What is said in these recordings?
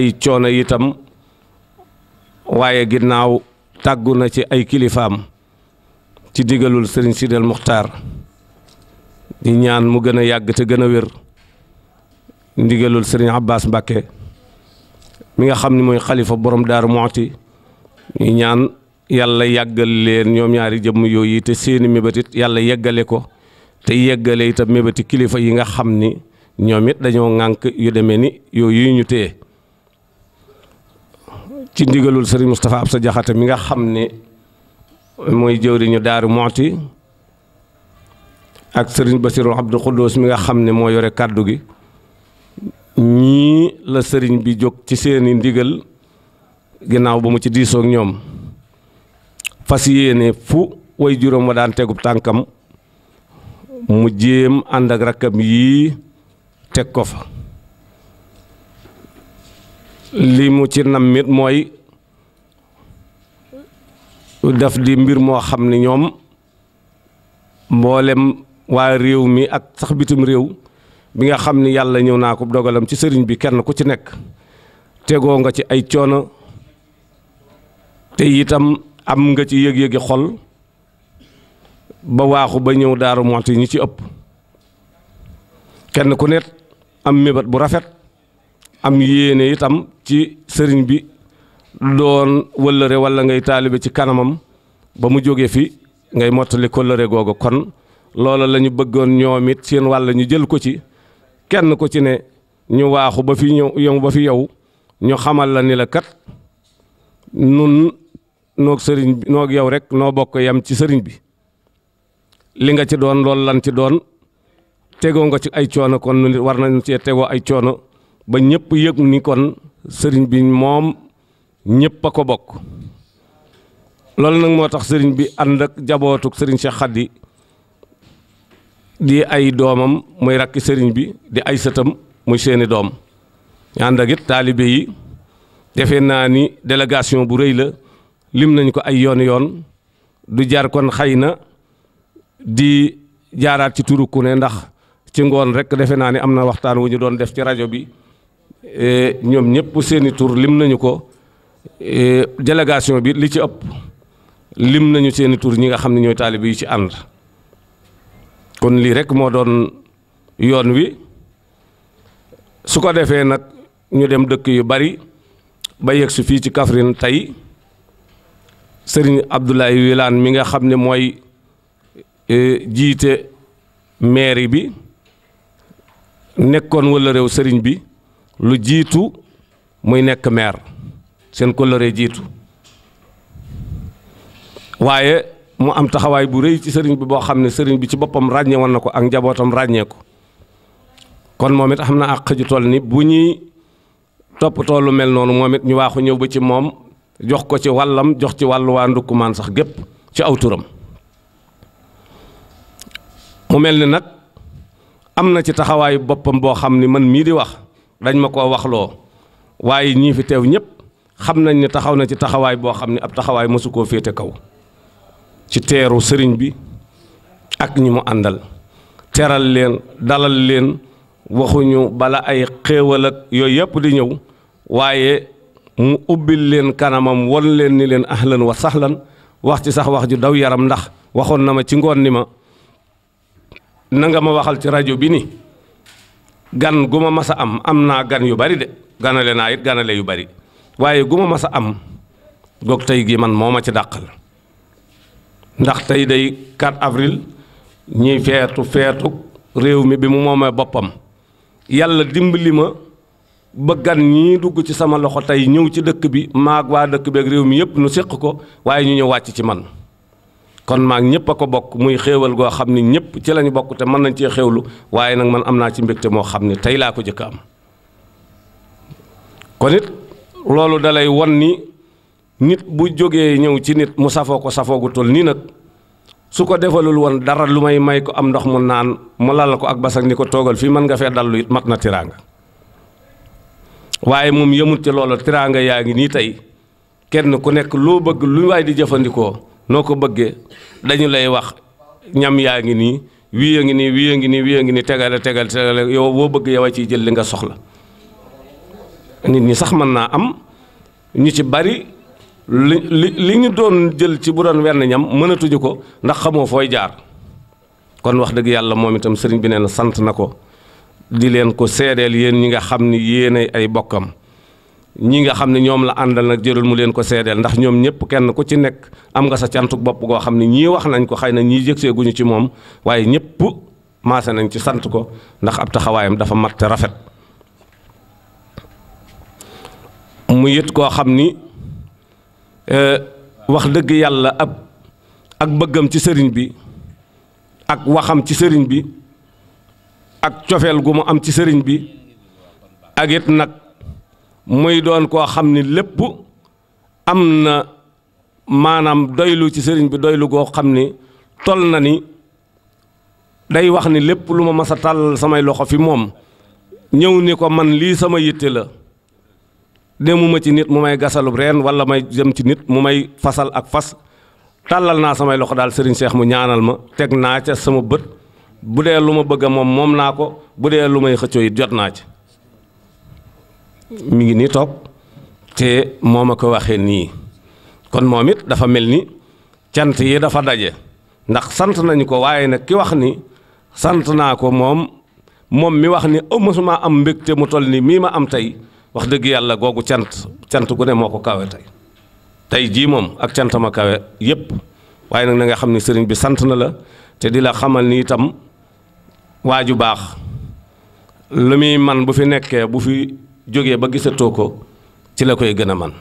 ay coono itam waaye ginnaaw tàggu na ci ay kilifaam ci digalul sëriñ Sidel Muxtaar di ñaan mu gën a yàgg te gën a wér ndigalul sëriñ Abbas Mbàkke mi nga xam ni mooy xalifa boroom Daaru Muxti ñu ñaan yàlla yàggal leen ñoom ñaari jëmm yooyu te seeni mébét yàlla yeggale ko te yeggale itam mébéti kilifa yi nga xam ni ñoom it dañoo ŋànk yu demee ni yooyu ñu téye ci ndigalul sëriñ Moustapha sa Jaxate mi nga xam ne mooy jëwriñu Daaru Muxti ak sëriñ Basiru Abdu Xuddoos mi nga xam ne moo yore kàddu gi ñii la sëriñ bi jóg ci seeni ndigal ginnaaw ba mu ci diisoog ñoom fas yéene fu way juróom wa daan tegub tànkam mu jéem ànd ak rakkam yii teg ko fa lii mu ci nammit mooy daf di mbir moo xam ni ñoom mboolem waa réew mi ak sax bitim réew bi nga xam ni yàlla ñëw naa ko dogalam ci sëriñ bi kenn ku ci nekk tegoo nga ci ay coono te itam am nga ci yëg-yëgi xol ba waaxu ba ñëw daaru moxti ñi ci ëpp kenn ku nekk am mébat bu rafet am yéene itam ci sëriñ bi doon wëllëre wala ngay taalibe ci kanamam ba mu jóge fi ngay mottali kollëre googu kon loola lañu bëggoon ñoom it seen wàlla ñu jël ko ci kenn ko ci ne ñu waaxu ba fi ñëw yow ba fi yow ñu xamal la ni la kat nun noog sëriñ bi noog yow rek noo bokk yam ci sëriñ bi li nga ci doon loolu lan ci doon tegoo nga ci ay coono kon nu nit war nañu cee tegoo ay coono ba ñëpp yëg ni kon sëriñ bi moom ñëpp a ko bokk loolu nag moo tax sëriñ bi ànd ak jabootuk sëriñ Cheikh Khady di ay doomam muy rakki sëriñ bi di ay sëtam muy seeni doom ñu ànd taalibe yi defe naa ni délégation bu rëy la lim nañ ko ay yoon yoon du jaar kon xëy na di jaaraat ci turu ku ne ndax ci ngoon rekk defe naa ni am na waxtaan wu ñu doon def ci rajo bi Eh, ñoom ñëpp seeni tur lim nañu ko eh, délégation bi li ci ëpp lim nañu seeni tur ñi nga xam ne ñooy taalibe yi ci ànd kon lii rek moo doon yoon wi su ko defee nag ñu dem dëkk yu bari ba yegg si fii ci kafrin tey sëriñ Abdoulaye wilaan mi nga xam ne mooy eh, jiite mairie bi nekkoon wala réew sëriñ bi lu jiitu muy nekk maire seen kóllëre jiitu waaye mu am taxawaay bu rëy ci sëriñ bi boo xam ne sëriñ bi ci boppam ràññe woon na ko ak njabootam ràññee ko kon moom it xam na àq ju toll ni bu ñuy toppatoo lu mel noonu moom ñu waaxu ñëw ba ci moom jox ko ci wàllam jox ci wàllu waa ndukkumaan sax gépp ci aw turam mu mel ni nag am na ci taxawaayu boppam boo xam ni mën mii di wax dañ ma ko waxloo waaye ñii fi teew ñëpp xam nañ ne taxaw na ci taxawaay boo xam ne ab taxawaay mosu koo féete kaw ci teeru sëriñ bi ak ñi mu àndal teral leen dalal leen waxuñu bala ay xéewal ak yooyu yëpp di ñëw waaye mu ubbil leen kanamam won leen ni leen ahlan wa sahlan wax ci sax wax ju daw yaram ndax waxoon na ma ci ngoon ni ma nanga ma waxal ci rajo bi ni gan gu ma mas a am am naa gan yu bari de ganale naa it ganale yu bari waaye gu ma mas a am goog tey gii man moo ma ci dàqal ndax tey day 4 avril ñuy feetu feetu réew mi bi mu moomee boppam yàlla dimbali ma ba gan ñii dugg ci sama loxo tey ñëw ci dëkk bi maag waa dëkk bi ak réew mi yépp nu séq ko waaye ñu ñëw wàcc ci man kon maag ñëpp a ko bokk muy xéewal goo xam ne ñëpp ci lañu bokk te mën nañ cee xéewlu waaye nag man am naa ci mbégte moo xam ne tey laa ko jëkk am kon it loolu dalay won ni nit bu jógee ñëw ci nit mu safoo ko safoo gu nii nag su ko defalul woon dara lu may may ko am ndox mu naan mu lal ko ak basak ni ko toogal fii mën nga fee dallu it mat na tiraanga waaye moom yëmut ci loolu tiraanga yaa ngi nii tey kenn ku nekk loo bëgg lu waay di jëfandikoo noo ko bëggee dañu lay wax ñam yaa ngi nii wii a ngi nii wii a ngi nii wii a ngi nii tegal tegal tegal yow boo bëgg yow a ciy jël li nga soxla nit ñi sax mën naa am ñu ci bari li li ñu doon jël ci bu doon wenn ñam mënatuñu ko ndax xamoo fooy jaar kon wax dëgg yàlla moom itam sëriñ bi nee sant na ko di leen ko seedeel yéen ñi nga xam ni yéenay ay bokkam ñi nga xam ne ñoom la àndal nag jërul mu leen ko seedeel ndax ñoom ñëpp kenn ku ci nekk am nga sa cantuk bopp goo xam ne ñii wax nañ ko xay na ñii jëgsee guñu ci moom waaye ñëpp maase nañ ci sant ko ndax ab taxawaayam dafa mat rafet mu yit koo xam ni e, wax dëgg yàlla ab ak bëggam ci sëriñ bi ak waxam ci sëriñ bi ak cofeel gu mu am ci sëriñ bi ak it nag muy doon koo xam ni lépp am na maanaam doylu ci sëriñ bi doylu goo xam ni toll na ni day wax ni lépp lu ma mas a tàllal samay loxo fi moom ñëw ni ko man lii sama yitte la demuma ci nit mu may gasalu reen wala may jëm ci nit mu may fasal ak fas tàllal naa samay loxo daal sëriñ Cheikh mu ñaanal ma teg naa ca sama bët bu dee lu ma bëgg moom moom naa ko bu dee lu may xëccoo it jot naa ci mu ngi nii toog te moo ma ko waxee nii kon moom it dafa mel ni cant yi dafa daje ndax sant nañu ko waaye nag ki wax ni sant naa ko moom moom mi wax ni oh, mësuma am mbégte mu toll ni mii ma am tey wax dëgg yàlla googu cant cant gu ne moo ko kawe tey tey jii moom ak cant kawe yépp waaye nag na nga xam ni sëriñ bi sant na la te di la xamal ni itam waaju baax lu muy man bu fi nekkee bu fi jóge ba gisatoo ko ci la koy gën a man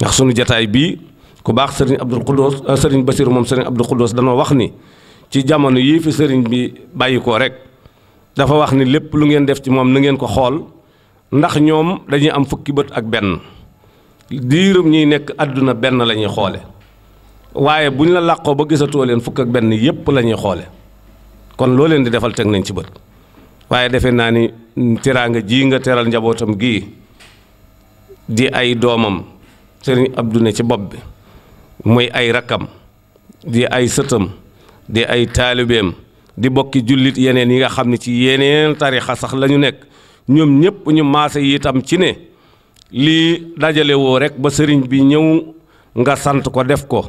ndax sunu jataay bii ku baax sëriñ Abdou Khoudous euh, sëriñ basiir moom sëriñ Abdou Khoudous danoo wax ni ci jamono yii fi sëriñ bi bàyyi ko rek dafa wax ni lépp lu ngeen def ci moom na ngeen ko xool ndax ñoom dañuy am fukki bët ak benn diirum ñuy nekk àdduna benn la ñuy xoole waaye bu ñu la làqoo ba gisatoo leen fukk ak benn yépp la ñuy xoole kon loo leen di defal teg nañ ci bët waaye defe naa ni teraanga ji nga teral njabootam gii di ay doomam sëriñ Abdou ne ci bopp bi muy ay rakkam di ay sëtam di ay taalibeem di bokki jullit yeneen yi nga xam ne ci yeneen tarixa sax la nekk ñoom ñëpp ñu maase itam ci ne lii dajale woo rek ba sëriñ bi ñëw nga sant ko def ko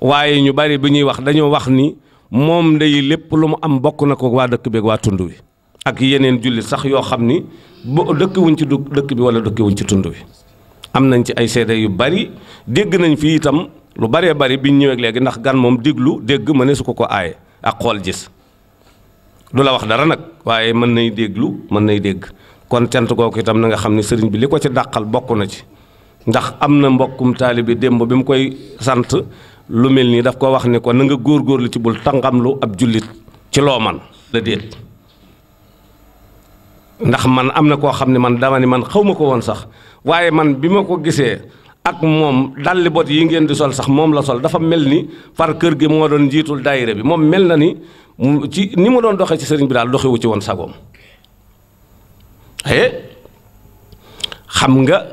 waaye ñu bari bi ñuy wax dañoo wax ni moom day lépp lu mu am bokk na ko waa dëkk beeg waa tund wi ak yeneen jullit sax yoo xam ni bo dëkk wuñ ci dëkk bi wala dëkk ci tund bi am nañ ci ay seede yu bari dégg nañ fii itam lu baree bari biñ ñëwee léegi ndax gan moom déglu dégg ma ne su ko ko aaye ak xool gis du la wax dara nag waaye mën nay déglu mën nay dégg kon cant googu itam na nga xam ne sëriñ bi li ko ci dàqal bokk na ci ndax am na mbokkum taalibe démb bi mu koy sant lu mel nii daf ko wax ne ko na nga góorgóorlu ci bul tàngamlu ab jullit ci loo man ndax man am na koo xam ne man dama ni man xawma ko woon sax waaye man bi ma ko gisee ak moom dalli bot yi ngeen di sol sax moom la sol dafa mel ni far kër gi moo doon njiitul daayira bi moom mel na ni ci ni mu doon doxee ci sëriñ bi daal doxewu ci woon sagoom aye eh? xam nga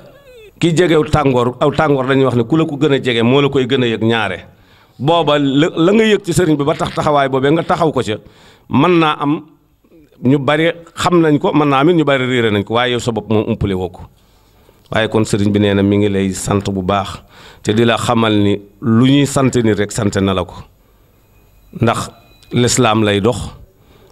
ki jegew tàngoor aw tàngoor dañuy wax ne ku la ko gën a jege moo la koy gën a yëg ñaare booba la la nga yëg ci sëriñ bi ba tax taxawaay boobee nga taxaw ko ca man naa am ñu bari xam nañ ko mën naa amit ñu bari réere nañ ko waaye yow sa bopp moom umpale woo ko waaye kon sëriñ bi nee na mi ngi lay sant bu baax te di la xamal ni lu ñuy sant ni rek sante na la ko ndax lislaam lay dox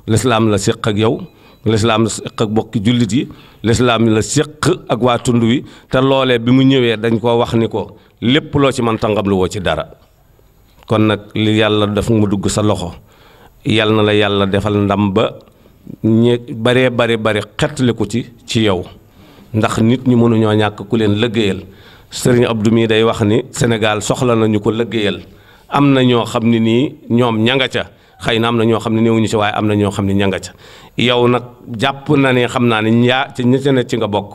lislaam la séq ak yow lislaam la séq ak bokki jullit yi lislaam la séq ak waa tund wi te loolee bi mu ñëwee dañ koo wax ni ko lépp loo ci man tàngam lu woo ci dara kon nag li yàlla daf mu dugg sa loxo yal na la yàlla defal ndam ba ñe baree bare bare xettali ko ci ci yow ndax nit ñi mënuñoo ñàkk ku leen lëggéeyal sëriñ Abdou mii day wax ni Sénégal soxla nañu ko lëggéeyal am na ñoo xam ne nii ñoom ñanga ca xëy na am na ñoo xam ne néewuñu ci waaye am na ñoo xam ne ñanga ca yow nag jàpp na ne xam naa ne ñaa ci ña ne ci nga bokk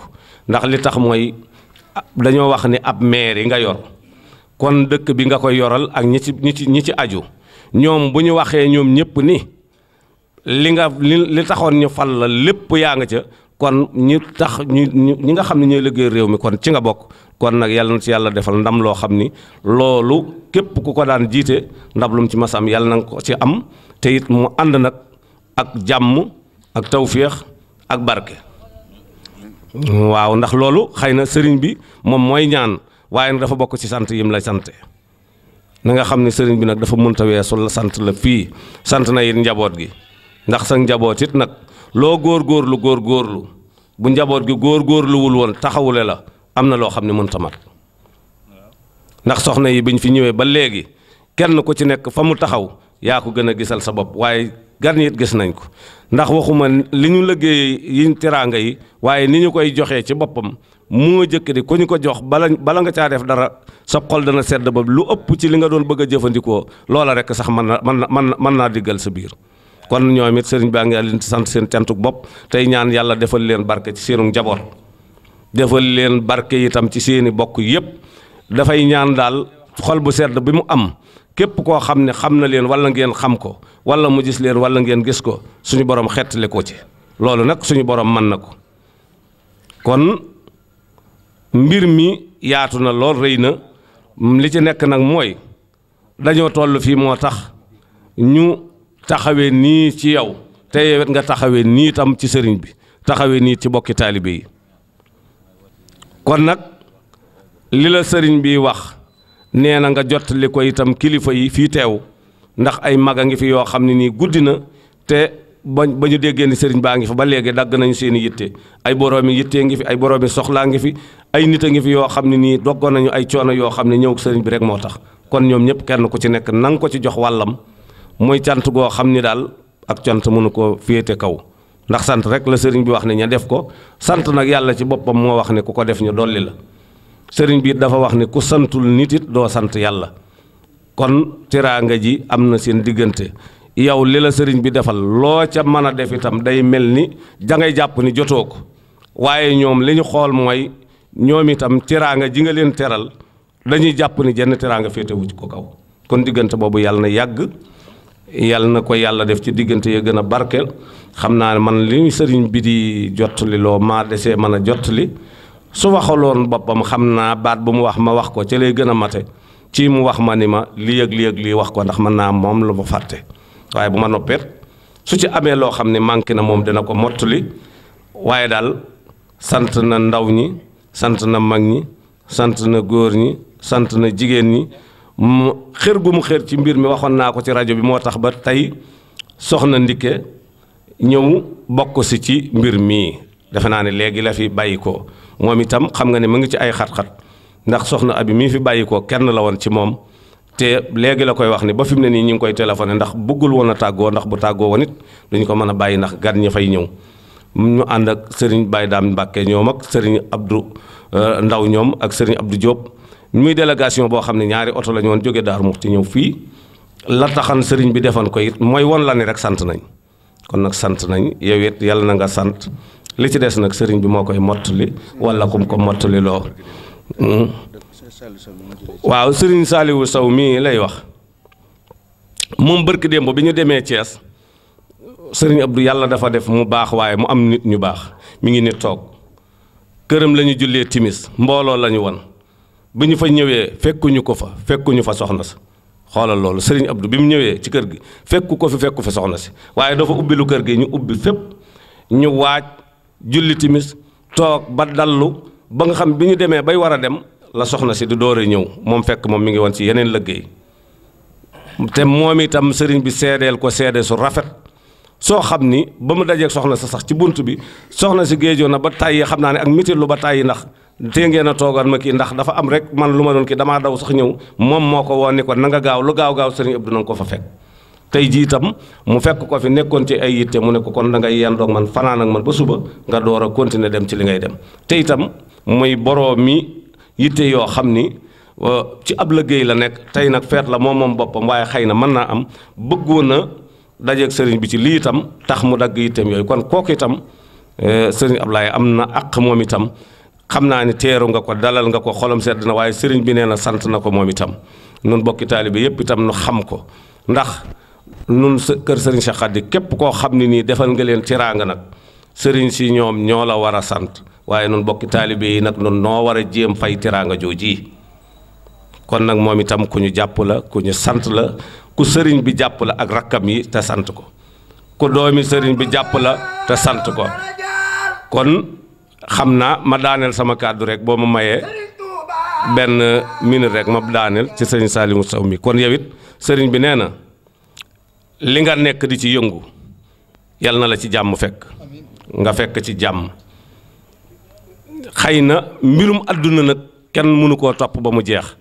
ndax li tax mooy ah, dañoo wax ni ab maire yi nga yor kon dëkk bi nga koy yoral ak ñi ci ñi ci ñi ci aju ñoom bu ñu waxee ñoom ñëpp ni li nga li taxoon ñu fal la lépp yaa nga ca kon ñi tax ñu ñi nga xam ne ñooy liggéey réew mi kon ci nga bokk kon nag yàlla na ci yàlla defal ndam loo xam ni loolu képp ku ko daan jiite ndam lu ci mas am yàlla na ko ci am te mu ànd nag ak jàmm ak tawféex ak barke. waaw ndax loolu xëy na sëriñ bi moom mooy ñaan waaye nag dafa bokk ci sant yim la sante na nga xam ne sëriñ bi nag dafa mënta weesu la sant la fii sant na it njaboot gi. ndax sa njaboot it nag loo logor góorgóorlu bu njaboot gi wul woon taxawule la am na loo xam ne mënta mat ndax soxna yi biñ fi ñëwee ba léegi kenn ku ci nekk fa mu taxaw yaa ko gën a gisal sa bopp waaye gan it gis nañ ko ndax waxuma li ñu liggéey yiñ teraanga yi waaye ni ñu koy joxee ci boppam moo jëkk di ku ñu ko jox bala bala nga caa def dara sa xol dana sedd ba lu ëpp ci li nga doon bëgg a loola rek sax man man man na diggal sa biir kon ñoom it sëriñ baa ngi leen sant seen cantuk bopp tey ñaan yàlla defal leen barke ci seenu njaboot defal leen barke tam ci seeni bokk yépp dafay ñaan daal xol bu sedd bi mu am képp koo xam ne xam na leen walla ngeen xam ko wala mu gis leen walla ngeen gis ko suñu boroom xettali ko ci loolu nag suñu borom mën na ko kon mbir mi yaatu na lool rey na li ci nekk nag mooy dañoo toll fii moo tax ñu taxawee nii ci yow te yewet nga taxawe nii tam ci sëriñ bi taxawee nii ci bokki taalibe yi kon nag li la sëriñ bi wax nee na nga jottali ko itam kilifa yi fii teew ndax ay mag a ngi fi yoo xam ne nii guddi na te ba ba ñu déggee ni sëriñ baa ngi fi ba léegi dagg nañu seen i yitte ay boroomi yittee ngi fi ay boroomi soxlaa ngi fi ay nit a ngi fi yoo xam ne nii doggoon nañu ay coono yoo xam ne ñëw sëriñ bi rek moo tax kon ñoom ñëpp kenn ku ci nekk na nga ko ci jox wàllam mooy cant goo xam ni daal ak cant mënu ko féete kaw ndax sant rek la sëriñ bi wax ne ña def ko sant nag yàlla ci boppam moo wax ne ku ko def ñu dolli la sëriñ bi dafa wax ne ku santul nit it doo sant yàlla kon teraanga ji am na seen diggante yow li la sëriñ bi defal loo ca mën a def itam day mel ni da jàpp ni jotoo ko waaye ñoom li ñu xool mooy ñoom itam teraanga ji nga leen teral dañuy jàpp ni jenn teraanga féetewu ci ko kaw kon diggante boobu yàlla na yàgg yàlla na ko yàlla def ci diggante ya gën a barkeel xam naa ne man li ñu sëriñ bi di jottali loo maa desee mën a jottali su waxaloon boppam xam naa baat bu mu wax ma wax ko ci lay gën a mate ci mu wax ma ni ma lii ak li ak lii wax ko ndax mën naa moom lu ma fàtte waaye bu ma noppee su ci amee loo xam ne manqué na moom dina ko mottali waaye daal sant na ndaw ñi sant na mag ñi sant na góor ñi sant na jigéen ñi mu xër gu mu xër ci mbir mi waxoon naa ko ci rajo bi moo tax ba tey soxna Ndike ñëw bokk si ci mbir mii defe naa ne léegi la fi bàyyi moom itam xam nga ne mu ngi ci ay xat-xat ndax soxna abi mii fi bàyyi ko kenn la woon ci moom te léegi la koy wax ne ba fi mu ne nii ñu ngi koy téléphoné ndax bëggul woon a tàggoo ndax bu tàggoo woon it duñu ko mën a bàyyi ndax gan ñi fay ñëw mu ñu ànd ak sëriñ bàyyi daa Mbàkke ñoom ak sëriñ ab Abdou euh, Ndaw ñoom ak sëriñ Abdou Diop. muy délégation boo xam ne ñaari oto lañu ñu woon jóge Daaru Muxti ñëw fii la taxan sëriñ bi defan ko it mooy won la ni rek sant nañ kon nag sant nañ yow it yàlla na nga sant li ci des nag sëriñ bi moo koy mottali wala kum ko mottali loo hmm? waaw sëriñ Saliou Sow mii lay wax moom bërki démb bi ñu demee Thiès sëriñ Abdou yàlla dafa def mu baax waaye mu am nit ñu baax mi ngi ni toog këram lañu ñu jullee timis mbooloo lañu ñu won bi ñu fa ñëwee fekkuñu ko fa fekkuñu fa soxna sa xoolal loolu sëriñ abdu bi mu ñëwee ci kër gi fekku ko fi fekku fa soxna si waaye dafa ubbi lu kër gi ñu ubbi fépp ñu waaj julli timis toog ba dallu ba nga xam bi ñu demee bay war a dem la soxna si di doore ñëw moom fekk moom mi ngi woon si yeneen liggéey te moom itam sëriñ bi seedeel ko seede su rafet soo xam ni ba mu dajee soxna sa sax ci bunt bi soxna si géejoo na ba tàyyi xam naa ne ak mitit ba tàyyi ndax tee ngeen a toogaat ma kii ndax dafa am rek man lu ma doon kii damaa daw sax ñëw moom moo ko woon ni ko na nga gaaw lu gaaw gaaw sëriñ Abdou na nga ko fa fekk tey jii itam mu fekk ko fi nekkoon ci ay yitte mu ne ko kon da ngay yendoog man fanaan man ba suba nga door a continuer dem ci li ngay dem te itam muy boroom mi yitte yoo xam ni ci ab liggéey la nekk tey nag feet la moom moom boppam waaye xëy na mën naa am bëggoon na dajeeg sëriñ bi ci lii itam tax mu dagg yitteem yooyu kon kooku itam eh, sëriñ Ablaye am na àq moom itam xam naa ne teeru nga ko dalal nga ko xolam sedd na waaye sëriñ bi nee na sant na ko moom itam nun bokki taalibe yépp itam nu xam ko ndax nun kër sëriñ Cheikh Khady képp koo xam ne nii defal nga leen teraanga nag sëriñ si ñoom ñoo la war a sant waaye nun bokki taalibe yi nag nun noo war a jéem fay teraanga jooji kon nag moom itam ku ñu jàpp la ku ñu sant la ku sëriñ bi jàpp la ak rakkam yi te sant ko ku doomi sëriñ bi jàpp la te sant ko kon xam naa ma daaneel sama kàddu rek boo ma mayee benn minute rek ma daaneel ci sëriñ Saliou Sow mi kon yow it sëriñ bi nee na li nga nekk di ci yëngu yal na la ci jàmm fekk nga fekk ci jàmm xëy na mbirum àdduna nag kenn mënu koo topp ba mu jeex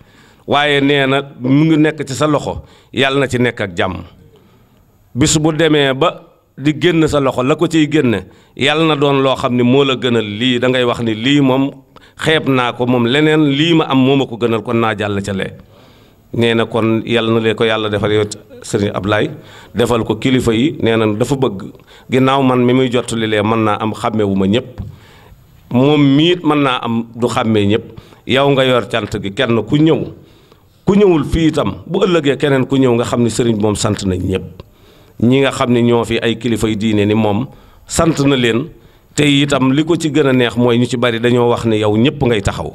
waaye nee na mu ngi nekk ci sa loxo yàlla na ci nekk ak jàmm bis bu demee ba di génn sa loxo la ko ciy génne yàlla na doon loo xam ni moo la gënal lii dangay wax ni lii moom xeeb naa ko moom leneen lii ma am moom ma ko gënal kon naa jàll ca lee nee na kon yàlla na lee ko yàlla defal yow sëriñ Ablaay defal ko kilifa yi nee na dafa bëgg ginnaaw man mi muy jottali lee mën naa am xàmmewu ma ñëpp moom mii mën naa am du xàmmee ñëpp yow nga yor cant gi kenn ku ñëw ku ñëwul fii itam bu ëllëgee keneen ku ñëw nga xam ni sëriñ moom sant nañ ñëpp ñi nga xam ne ñoo fi ay kilifa yu diine ni moom sant na leen te itam li ko ci gën a neex mooy ñu ci bari dañoo wax ne yow ñëpp ngay taxaw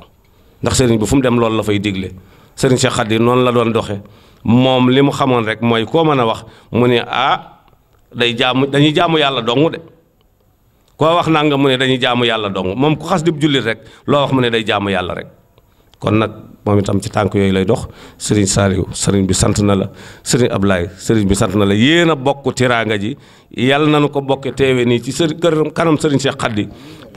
ndax sëriñ bi fu mu dem loolu la fay digle sëriñ Cheikh Khady noonu la doon doxe moom li mu xamoon rek mooy koo mën a wax mu ne ah day jaamu dañuy jaamu yàlla dong de koo wax naa nga mu ne dañuy jaamu yàlla dong moom ku xas dib jullit rek loo wax mu ne day jaamu yàlla rek. kon nak momi itam ci tank yoy lay dox serigne saliw serigne bi sant na la serigne Ablaye serigne bi sant na la yena bokku tiranga ji yàlla nanu ko bokke tewe ni ci sëriñ kër kanam serigne Cheikh Khady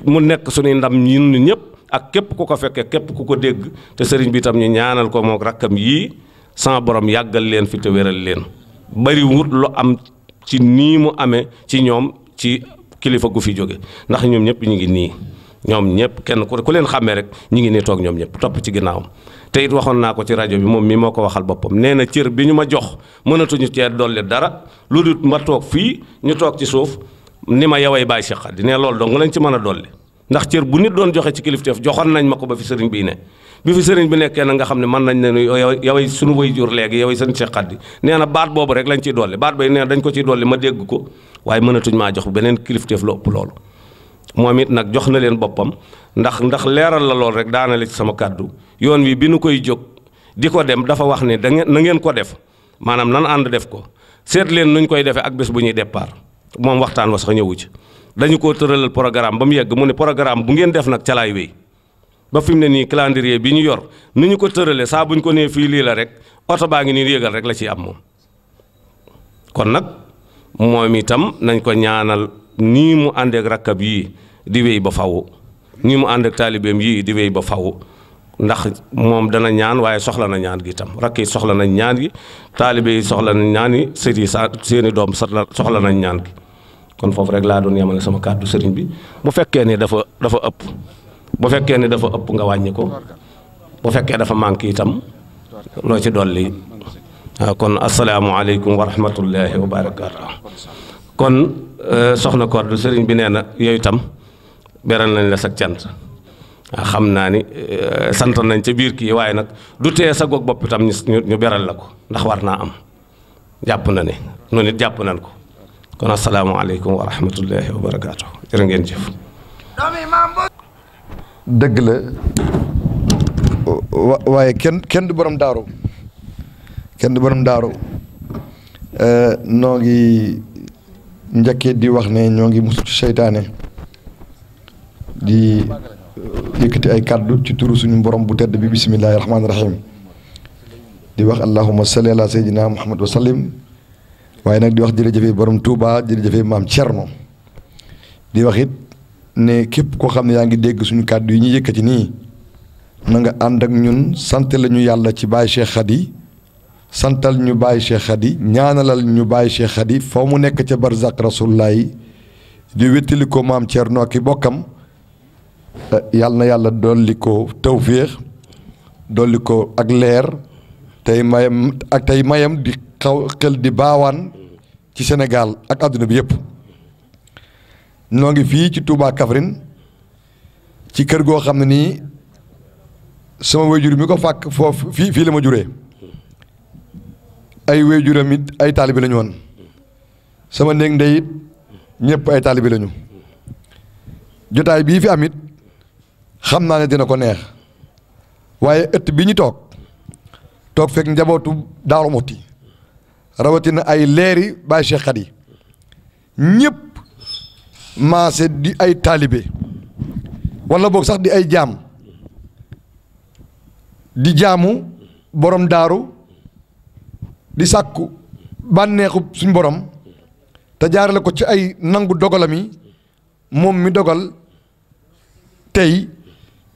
mu nek suñuy ndam ñun ñëpp ak kep ku ko fekke kep ku ko deg te serigne bi tam ñu ñaanal ko mok rakam yi sama borom yagal len fi te weral len bari wut lo am ci ni mu amé ci ñom ci kilifa gu fi jóge ndax ñom ñëpp ñi ngi ni ñoom ñëpp kenn ku leen xàmmee rek ñu ngi nii toog ñoom ñëpp topp ci ginnaaw te it waxoon naa ko ci rajo bi moom mi moo ko waxal boppam nee na cër bi ñu ma jox mënatuñu cee dolli dara lu dul ma toog fii ñu toog ci suuf ni ma yaway bàyyi Cheikh Khady ne loolu lañ ci mën a dolli ndax cër bu nit doon joxe ci kilifteef joxoon nañ ma ko ba fi sëriñ bii ne bi fi sëriñ bi nekkee na nga xam ne mën nañ ne yaway sunu way jur léegi yaway sëriñ Cheikh Khady nee na baat boobu rek lañ ciy dolli baat bay nee na dañ ko ciy dolli ma dégg ko waaye mënatuñ maa jox beneen kilifteef lu loolu momit nak jox na len bopam ndax ndax leral la lol rek daana li sama kaddu yoon wi bi nu koy jog di dem dafa wax ne da ngeen ngeen ko def manam nan and def ko set len nuñ koy def ak bes buñuy départ mom waxtaan wa sax ñëwu ci dañu ko tëralal programme bam yegg mu ne programme bu ngeen def nak ci lay wey ba fim ne ni calendrier bi ñu yor ni ko tëralee sa buñ ko ne fi li la rek auto baa ngi nii rek la ci am mom kon nak nañ ko ñaanal. nii mu àndeek rakkab yii di wéy ba faw nii mu àndeek taalibeem yii di wéy ba faw ndax moom dana ñaan waaye soxla na ñaan gi itam rakk yi soxla nañ ñaan gi yi soxla nañ ñaan yi sët seeni doom soxla nañ ñaan gi kon foofu rek laa doon yemale sama kàddu sëriñ bi bu fekkee ni dafa dafa ëpp bu fekkee ni dafa ëpp nga wàññi ko bu fekkee dafa manqué itam loo ci dolli kon asalaamualeykum wa rahmatullahi wa barakaatu kon Euh, soxna Codou sëriñ bi nee na yooyu tam beral nañ la sag cant ah, xam naa ni euh, sant nañ ca biir kii waaye nag du tee sa goog bopp itam ñu beral la ko ndax war naa am jàpp na ne noonu jàpp nañ ko kon asalaamaaleykum wa rahmatullahi wa barakaatu jërë ngeen jëf. dëgg la waaye kenn kenn du borom daaru kenn du borom daaru euh, noo njëkkee di wax ne ñoo ngi musu ci seytaane di uh, yëkkati ay kàddu ci turu suñu borom bu tedd bi bisimillahi rahmaani rahim di wax allahuma salli ala sayyidina muhammad wa sallim waaye nag di wax jërëjëfe borom Touba jërëjëfe maam Thierno di wax it ne képp koo xam ne yaa ngi dégg suñu kàddu yi ñu yëkkati nii na nga ànd ak ñun sant lañu yàlla ci Baye Cheikh Khady santal ñu bàyyi Cheikh Khady ñaanalal ñu bàyyi Cheikh Khady foo mu nekk ca barzak rasulullah di wéttali ko maam Thierno ak i bokkam eh, yàlla na yàlla dolli ko tawféex dolli ko ak leer tey mayam ak tey mayam di xaw xel di baawaan ci Sénégal ak àdduna bi yépp noo ngi fii ci Touba Kaffrine ci kër goo xam ne nii sama wayjur mi ko fàkk foofu fii fii la ma juree ay wéjuram it ay taalibi lañu woon sama néeg ndey it ñëpp ay taalibi lañu jotaay bii fi am xam naa ne dina ko neex waaye ëtt bi ñu toog toog fekk njabootu Daaru Muxti rawatina ay leeri Baay Cheikh Khady ñëpp maase di ay taalibe wala boog sax di ay jaam di jaamu boroom daaru di sàkku bànneexu suñ borom te jaarale ko ci ay nangu dogalami moom mi dogal tey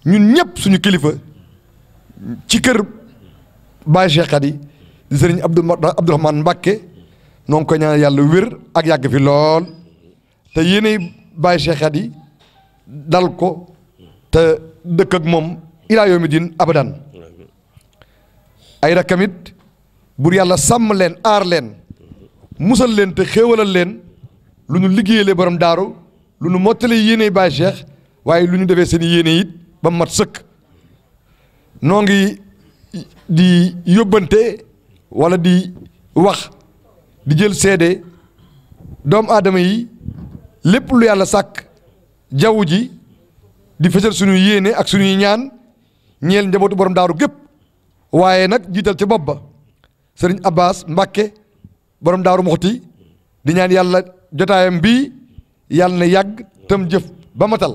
ñun ñëpp suñu kilifa ci kër Baye Cheikh di sëriñ Abdou Abdourahmane Mbacké noo ngi koy ñaan yàlla wér ak yàgg fi lool te yéenay Baye Cheikh dal ko te dëkk ak moom ilaa yawmi abadan ay rakamit bur yàlla sàmm leen aar leen musal leen te xéewalal leen lu ñu liggéeyale borom daaru lu ñu mottale yéene Baay Cheikh waaye lu ñu defee seen yéene it ba mat sëkk noo ngi di yóbbante wala di wax di jël seede doomu aadama yi lépp lu yàlla sàkk jaww ji di fësal suñu yéene ak suñuy ñaan ñeel njabootu borom daaru gépp waaye nag jiital ci bopp ba sëriñ Abbas Mbacke borom Daaru Muxti di ñaan yàlla jotaayam bii yàlla na yàgg tam jëf ba matal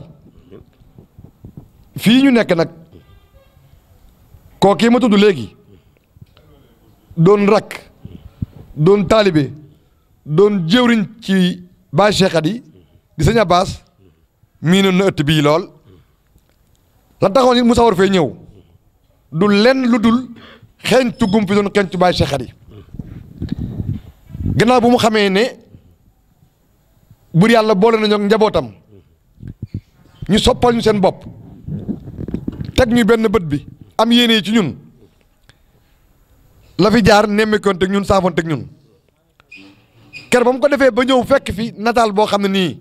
fii ñu nekk nag kookii ma tudd léegi doon rakk doon taalibe doon jëwriñ ci Baay Cheikh Adi di sëñ Abbas miinoon na ëtt bii lool la taxoon it mu sawar fee ñëw du lenn lu dul xeeñtu gum fi doon xeeñtu Baay Cheikh Khary gannaaw bu mu xamee ne bur yàlla boole nañu ak njabootam ñu soppal ñu seen bopp teg ñu benn bët bi am yéene ci ñun la jaar nemmeekoon teg ñun saafoon teg ñun ker ba ko defee ba ñëw fekk fi nataal boo xam ne nii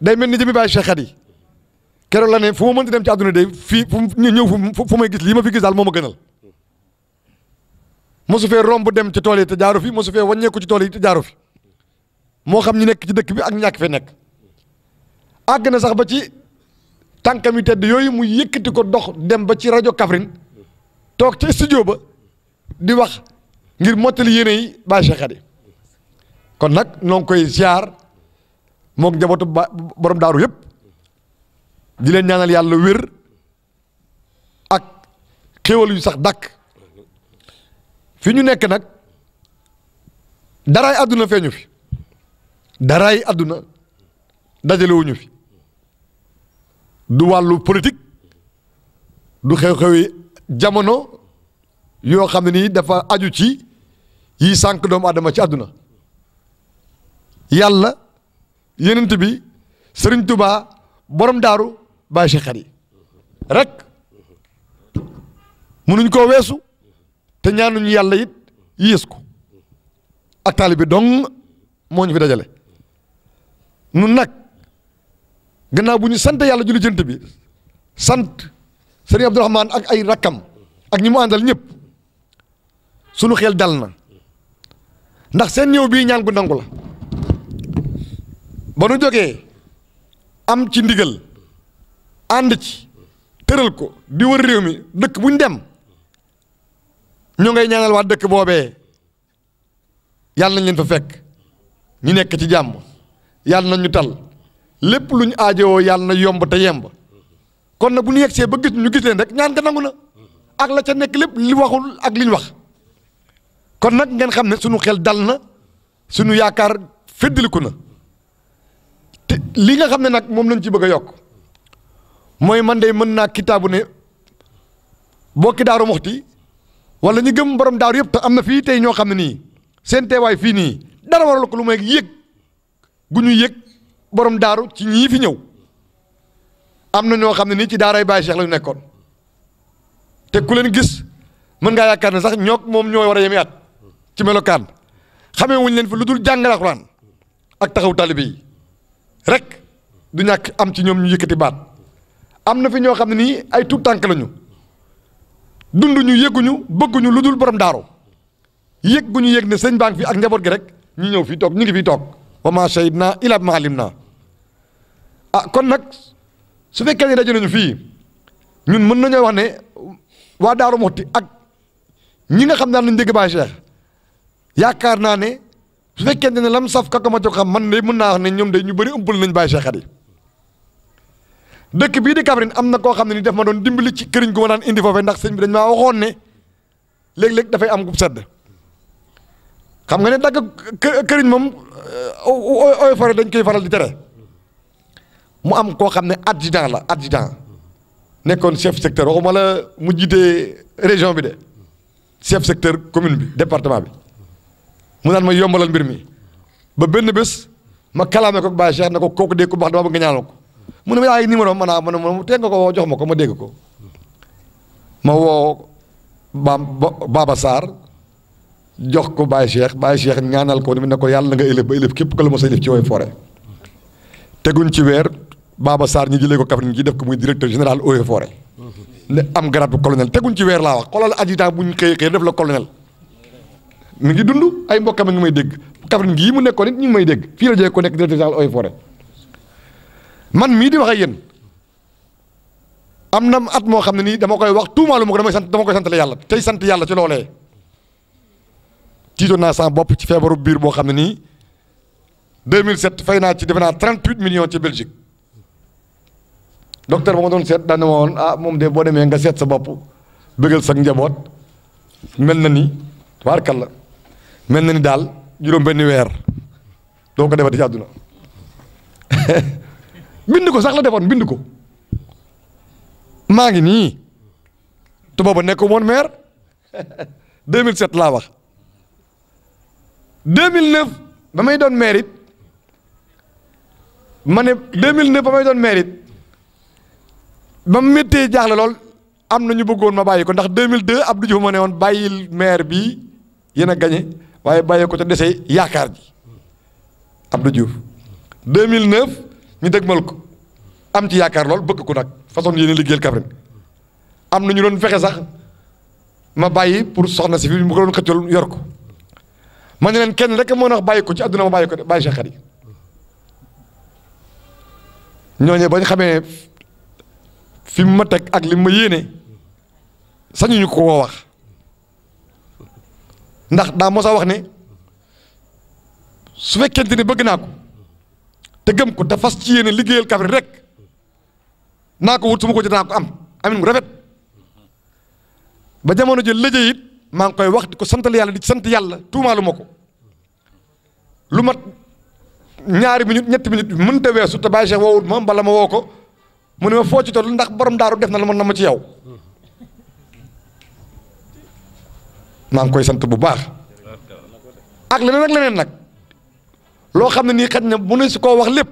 day mel ni jëmi Baay Cheikh Khary keroog la ne fu ma mënti dem ci àdduna day fii fu ñëw fu may gis lii ma fi gis daal moo ma gënal mosu fee romb dem ci tool yi te jaaro fi mosu fee wàññeeku ci tool yi te jaaru fi moo xam ñi nekk ci dëkk bi ak ñàkk fe nekk àgg na sax ba ci tànkam tedd yooyu mu yëkkati ko dox dem ba ci rajo Kaffrine toog ci studio ba di wax ngir mottali yéene yi ba Cheikh kon nag noo ngi koy ziar moog njabootu ba borom daaru yëpp di leen ñaanal yàlla wér ak xéwal yu sax dàkk. fi ñu nekk nag daraay àdduna feeñu fi daraay àdduna dajalewuñu fi du wàllu politique du xew-xewi jamono yoo xam ne nii dafa aju ci yi sànq doomu aadama ci àdduna yàlla yenent bi sëriñ tubaa borom daaru bàyyi si xel yi rek munuñ koo weesu te ñu yalla yit yees ko ak taalibe dong mo ñu fi dajale nu nak buñu sante sant julli jënt bi sant sëriñ Abdourahman ak ay rakam ak ñimu andal ñëpp sunu xel dalna ndax seen ñew bi ñaan gu ba nu am ci ndigal and ci teural ko di wër rew mi dekk buñ dem ñoo ngay ñaanal waa dëkk boobee yàlla nañ leen fa fekk ñu nekk ci jàmm yàlla nañ ñu tal lépp lu ñu aajowoo yàlla na yomb te yemb kon nag bu ñu yegsee ba gis ñu gis leen rek ñaan nga nangu na ak la ca nekk lépp li waxul ak li wax kon nag ngeen xam ne suñu xel dal na suñu yaakaar feddaliku na te lii nga xam ne nag moom lañ ci bëgg a yokk mooy man de mën naa kitaabu ne boo kitaaru moxti wala ñu gëm borom daaru yëpp te am na fii tey ñoo xam ne nii seen teewaay fii nii dara waral ko lu may yëg gu ñu yëg borom daaru ci ñii fi ñëw am na ñoo xam ne nii ci daaray Baye Cheikh la nekkoon te ku leen gis mën ngaa yaakaar ne sax ñook moom ñoo war a yemi at ci melokaan xamee wuñ leen fi lu dul jàngal ak taxaw taalibe yi rek du ñàkk am ci ñoom ñu yëkkati baat am na fi ñoo xam ne nii ay tuut tànk lañu dunduñu yëguñu bëgguñu lu dul borom daaru yëg gu ñu yëg ne sëñ baa ngi ak njaboot gi rek ñu ñëw fii toog ñu ngi fii toog wa maa shahid naa ilaa bimaa naa ah kon nag su fekkee ne daje nañu fii ñun mën nañoo wax ne waa daaru Muxti ak ñi nga xam daan nañ dégg Baay Cheikh yaakaar naa ne su fekkee ne lam saf kooku ma jox xam man de mën naa wax ne ñoom de ñu bari ëmpul nañ Baay Cheikh yi dëkk bii di Kaffrine am na koo xam ne ni daf ma doon dimbali ci këriñ gu ma daan indi foofee ndax sëñ bi dañ maa waxoon ne léeg-léeg dafay am gub sedd xam nga ne dagg këriñ moom eaux et forêt dañ koy faral di tere mu am koo xam ne adjudant la adjudant nekkoon chef secteur waxuma la mu jiitee région bi de chef secteur commune bi département bi mu naan ma yombalal mbir mi ba benn bés ma kalaame ko Baye Cheikh ne ko kooku dee ku baax dama bëgg nga mu ne ma yaay numéro ma naa ma ne ma teg nga ko woo jox ma ko ma dégg ko ma woo ba Baba Sarr jox ko Baye Cheikh Baye Cheikh ñaanal ko ni ne ko yàlla nga élif ba élif képp ko la mos a élif ci Eaux et teguñ ci weer Baba saar ñu jëlee ko Kaffrine ji def ko muy directeur général Eaux et Forêts ne am grade bu teguñ ci weer laa wax xoolal adjudant bu ñu xëyee xëyee def la colonel mi ngi dund ay mbokkam a ngi may dégg Kaffrine gii mu nekkoon it ñu may dégg fii ko nekk directeur général man mi di wax yeen amna at mo xamni ni dama koy wax tuumaalu ma mako dama sant dama koy sant la yalla tay sant yalla ci lolé tiitoon naa sama bopp ci feebaru bir bo xamni ni 2007 fayna ci defe 38 millions ci Belgique docteur bama don set seet won ah mom de bo demé nga set sa bop beugal sa njabot melna ni tabaarkalla melna ni dal juróom benni weer do ko defati aduna bind ko sax la defoon bind ko maa ngi nii te booba nekk woon maire 2007 laa wax 2009 ba may doon maire ma ne 2009 ba may doon maire it ba mu méttee jaaxle lool am na ñu bëggoon ma bàyyi ko ndax 2002 Abdou Diouf ma ne woon bàyyil maire bii yéen a gañe waaye bàyyi ko te dese yaakaar ji Abdou Diouf 2009. ñu dëgmal ko am ci yaakaar lool bëgg ko nag façon yéen liggéeyal Kaffrine am na ñu doon fexe sax ma bàyyi pour soxna si fi mu ko doon xëccool yor ko ma ne leen kenn rek moo wax bàyyi ko ci àdduna ma bàyyi ko de bàyyi Cheikh Khady ñooñu bañ xamee fi mu ma teg ak li ma yéene sañuñu ko woo wax ndax daa mosa wax ne su fekkente ne bëgg naa ko. te gëm ko te fas ci yéene liggéeyal Kaffrine rek naa ko wut su ma ko jot naa ko am amin mu rafet ba jamono ji lëjë it maa ngi koy wax di ko santal yàlla di sant yàlla tuumaalu ma ko lu mat ñaari minute ñetti minute bi mënta weesu te bàyyi Cheikh woowut ma mbala ma woo ko mu ne ma foo ci toll ndax borom daaru def na la ma na ma ci yaw maa ngi koy sant bu baax ak leneen ak leneen nag loo xam ne nii xaj na mu ne su koo wax lépp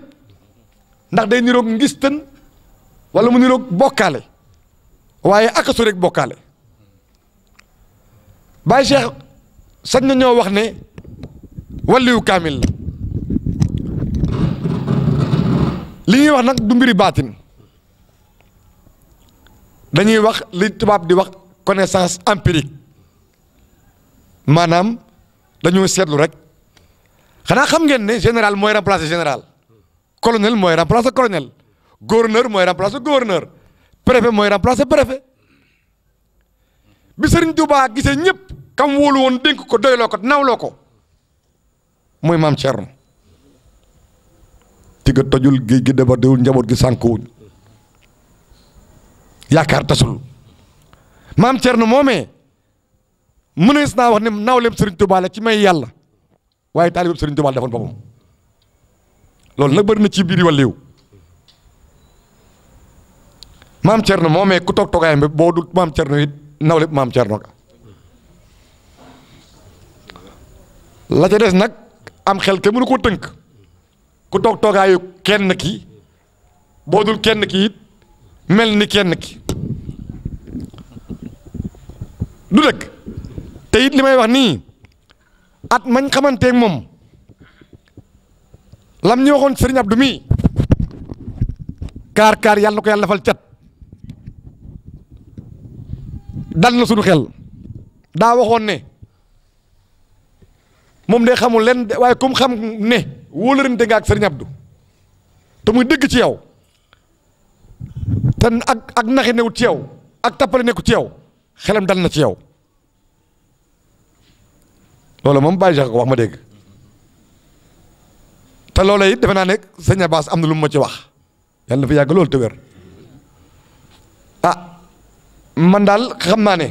ndax day niroog ngis tën wala mu niroog bokkaale waaye akasu rek bokkaale Baye Cheikh sañ na ñoo wax ne walliyu kaamil la li ñuy wax nag du mbiri baatin dañuy wax li tubaab di wax connaissance empirique maanaam dañoo seetlu rek xana xam ngeen ne général mooy remplacer général colonel mooy remplacer colonel gouverneur mooy remplacer gouverneur préfet mooy remplacer préfet bi Serigne Touba gisee ñëpp kam wóolu woon dénk ko doylo ko nawlo ko mooy mam Thierno tigga tojul géej gi daba deul njabot gi sanku yaakaar tasul mam Thierno momé mënees na wax ni nawlem Serigne Touba la ci may yalla waaye taalib Sëriñ Tuubaa defoon boppam loolu nag bëri na ci biir wàllu maam Thierno moomee ku toog toogaayam boo dul maam Thierno it nawle maam Thierno ka la ca des nag am xel te mënu ko tënk ku toog toogaayu kenn ki boo dul kenn ki it mel ni kenn ki du dëkk te it li may wax nii. at mañ xamanteeg moom lam ñu waxoon Serigne Abdou mii kaar kaar yàlla na ko yàlla cat dal na suñu xel daa waxoon ne moom de xamul leen waaye comme xam ne wóolarante nga ak Serigne Abdou te muy dëgg ci yow ten ak ak naxi newut ci yow ak tappale nekku ci yow xelam dal na ci yow lolou mom baye jax ko wax ma deg ta lolou it defena nek seigne bass amna am lu mu ma ci wax yalla fi yàgg te wer ah man dal xamna ne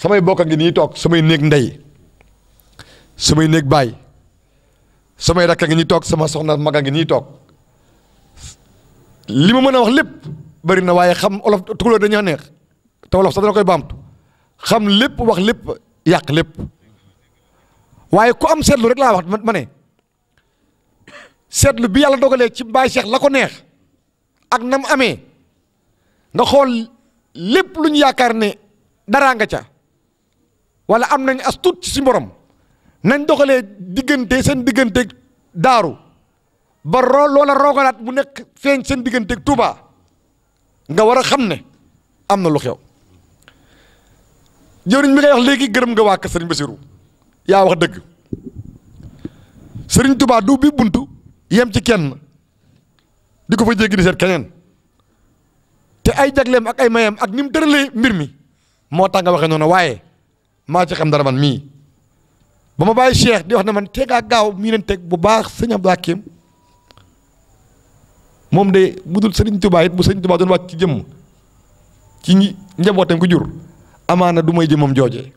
samay bokk ngi ni tok samay nek ndey samay nek baye samay rak ngi ni tok sama soxna mag ngi ni tok li meuna wax lepp bari na waye xam olof tukulo dañu neex te olof koy bamtu xam lepp wax lepp yak lepp waaye ku am seetlu rek laa wax ma ne seetlu bi yàlla dogalee ci Baye Cheikh la ko neex ak nam amee nga xool lépp lu ñu yaakaar ne daraa nga ca wala am nañ as tuut ci si borom nañ doxalee diggante seen digganteeg daaru ba roo loola roogalaat mu nekk feeñ seen digganteek Touba nga war a xam ne am na lu xew jëriñ mi ngay wax léegi gërëm nga waa kër Sëriñ Basiru yaa wax dëgg sëriñ tubaa du bi buntu yem ci kenn di ko fa jéggi di seet keneen te ay jagleem ak ay mayam ak ni mu mbir mi moo tax nga waxee noonu waaye maa ci xam dara man mii ba ma bàyyi Cheikh di wax na man teegaa gaaw mii leen teg bu baax sëñ de bu dul sëriñ tubaa it bu sëriñ tubaa doon wàcc ci jëmm ci njabootam ko jur amaana du may jëmmam joojee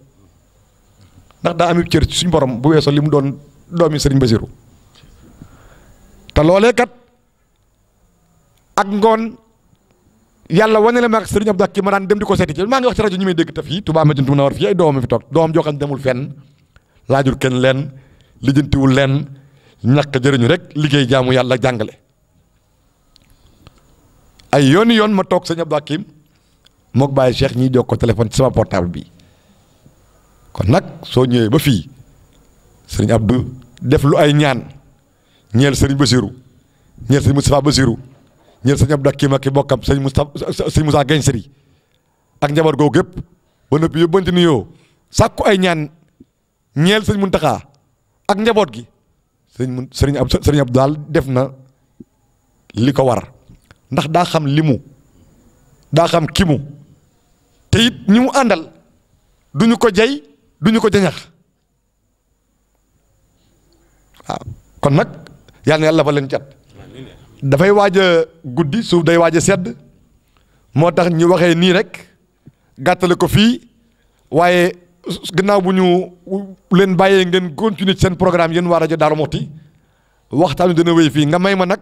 ndax da amib cër ci suñu borom bu wéso li doon doomi serigne Basiru ta lolé kat ak ngoon yalla wone la mak serigne Abdou ki ma dem di ko ci ma nga wax ci radio ñu may dégg te fii Touba na war fi ay fi tok doom xam demul fenn lajur len lijeenti lijjantiwul len ñak jëriñu rek liggéey jaamu yalla jàngale. ay yooni yon ma tok serigne Abdou Hakim mok baye Cheikh ñiy téléphone ci sama portable bi kon nag soo ñëwee ba fii sëriñ Abdou def lu ay ñaan ñeel sëriñ Bassirou ñeel sëriñ Moustapha Bassirou ñeel sëriñ Abdou ak kii ma ki bokkam sëriñ Moustapha sëriñ Moussa Gagne ak njaboot googu yëpp ba noppi yóbbante nuyoo sàkku ay ñaan ñeel sëriñ Mountakha ak njaboot gi sëriñ mun sëriñ Abdou sëriñ daal def na li ko war ndax daa xam limu daa xam kimu te it ñi mu àndal duñu ko jey ñu ko jañax waaw kon nag yal na yàlla fa leen cat dafay waaj a guddi suuf day waaj a sedd moo tax ñu waxee nii rek gàttale ko fii waaye gannaaw bu ñu leen bàyyee ngeen continuer ci seen programme yéen waa rajo Darou Mouhty waxtaan wi dana wéy fii nga may ma nag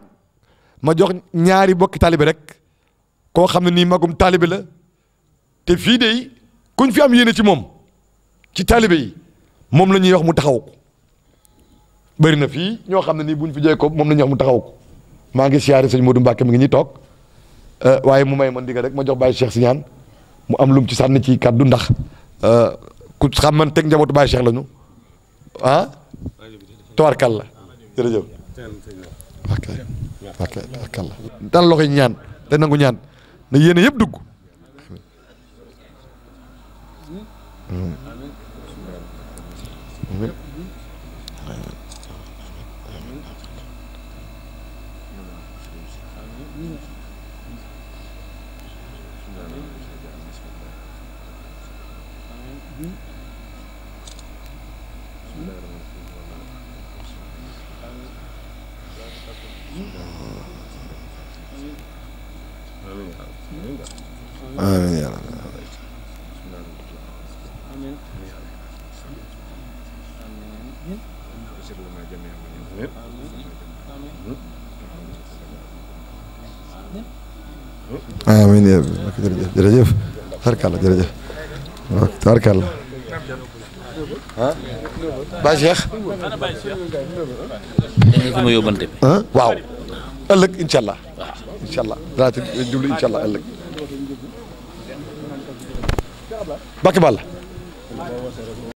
ma jox ñaari bokki taalibe rek koo xam ne nii magum taalibe la te fii de kuñ fi am yéene ci moom. ci talibé yi mom lañuy wax mu taxaw ko bari na fi ño xamné ni buñ fi jé ko mom lañuy wax mu taxaw ko ma ngi siaré sëñ Modou mbacké mi ngi tok euh waye mu may man diga rek ma jox Baye Cheikh Siñaan mu am lum ci sann ci kaddu ndax euh ku xamante tek njabootu Baye Cheikh lañu ah tawarkalla jërëjëf. ok ok ok daan loxo ñaan da nangu ñaan na yene yeb dugg. amiin yaa rabbi amiin yaa rabbi jërëjëf jërëjëf tarkalla jërëjëf tarkalla ah Baye Cheikh. dañu ko ma yóbbante bi. waaw ëllëg incha allah. waaw incha allah danaa ci jublu incha allah ëllëg. Bakke Balla.